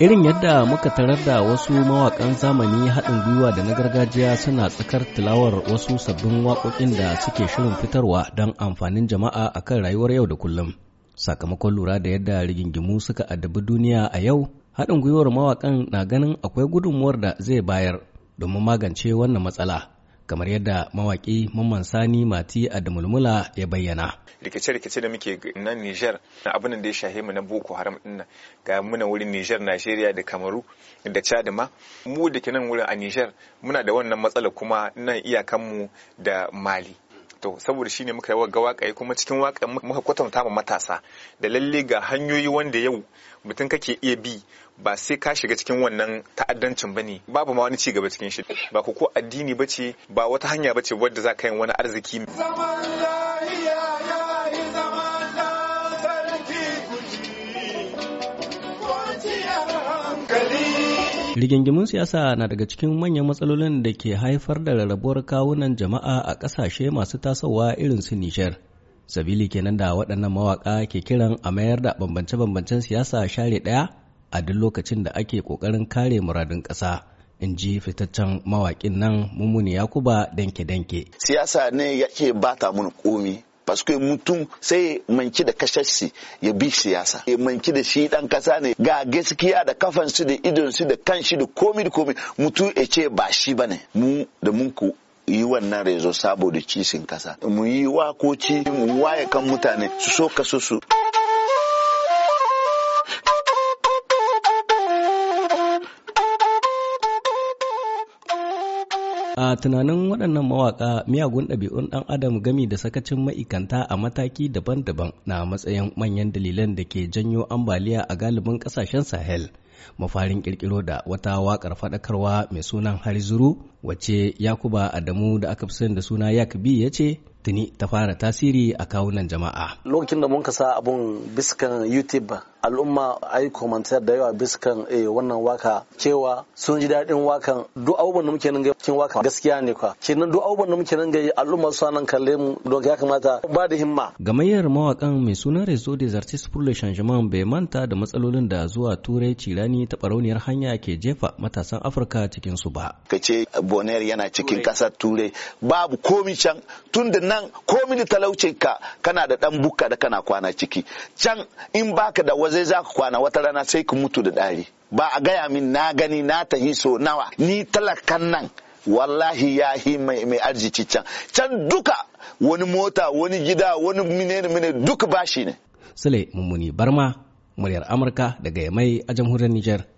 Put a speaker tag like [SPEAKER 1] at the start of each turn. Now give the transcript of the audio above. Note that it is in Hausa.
[SPEAKER 1] irin yadda muka tarar da wasu mawakan zamani haɗin gwiwa da na gargajiya suna tsakar tilawar wasu sabbin waƙoƙin da suke shirin fitarwa don amfanin jama'a a kan rayuwar yau da kullum sakamakon lura da yadda rigingimu suka addabi duniya a yau haɗin gwiwar mawakan na ganin akwai gudunmuwar da zai bayar domin magance wannan matsala kamar yadda mawaki Mamman Sani Mati Adamulmula ya bayyana.
[SPEAKER 2] Rikice-rikice da muke nan niger na abin da ya shahe mu na Boko Haram din ga muna wurin Nijar, Najeriya da Kamaru da Chad mu da ke nan wurin a niger muna da wannan matsala kuma nan iyakanmu da Mali. to saboda shine muka yawa ga waƙa kuma cikin waƙa muka kwatanta ma matasa da lalle ga hanyoyi wanda yau mutum kake iya bi ba sai ka shiga cikin wannan ta'addancin bane babu ma wani ci gaba cikin shi ba ko addini bace ba wata hanya bace wadda za ka yi wani arziki zaman
[SPEAKER 1] Rigingimin siyasa na daga cikin manyan matsalolin da ke haifar da rarrabuwar kawunan jama'a a ƙasashe masu tasowa irin su Nijar. Sabili kenan da waɗannan mawaƙa ke kiran a mayar da bambance-bambancen siyasa share ɗaya a duk lokacin da ake ƙoƙarin kare muradun ƙasa. in ji fitaccen mawaƙin nan mummuni yakuba danke-danke.
[SPEAKER 3] siyasa ne yake bata mun komi paske mutum sai manci da kashashi ya bi siyasa ya manci da shi dan kasa ne ga gaskiya da kafansu da idonsu da kanshi da komi da komi mutum ya ce ba shi bane mu da munku yi wannan rezo saboda cisin kasa mu yi wakoci mu waye kan mutane su so kaso su
[SPEAKER 1] A tunanin waɗannan mawaƙa miyagun ɗabi'un ɗan adam gami da sakacin ma'ikanta a mataki daban-daban na matsayin manyan dalilan da ke janyo ambaliya a galibin ƙasashen Sahel. Mafarin ƙirƙiro da wata waƙar faɗakarwa mai sunan Harizuru wacce Yakuba Adamu da aka fi da suna Yakubi ya ce tuni ta fara tasiri a kawunan jama'a. Lokacin da mun ka sa abun biskan YouTube al'umma a yi komantar da yawa biskan eh, wannan waka cewa sun ji daɗin wakan duk abubuwan da muke nan ga cikin waka gaskiya ne kwa kenan duk abubuwan da muke nan ga al'umma su nan kalle mu don ya kamata ba da himma gamayyar mawakan mai suna Rezo des artistes pour le changement bai manta da matsalolin da zuwa turai cirani ta barauniyar hanya ke jefa matasan Afirka cikin su ba
[SPEAKER 3] kace Bonaire yana cikin kasar turai babu komi can tunda nan komi da talaucin ka kana da dan bukka da kana kwana ciki can in baka da zai za ku kwana wata rana sai ku mutu da ɗari ba a gaya min na gani na tahi so nawa ni talakan nan wallahi ya hi mai mai arziki can can duka wani mota wani gida wani mine mine duka bashi ne
[SPEAKER 1] sule mummuni barma muryar amurka daga yamai a jamhuriyar nijar.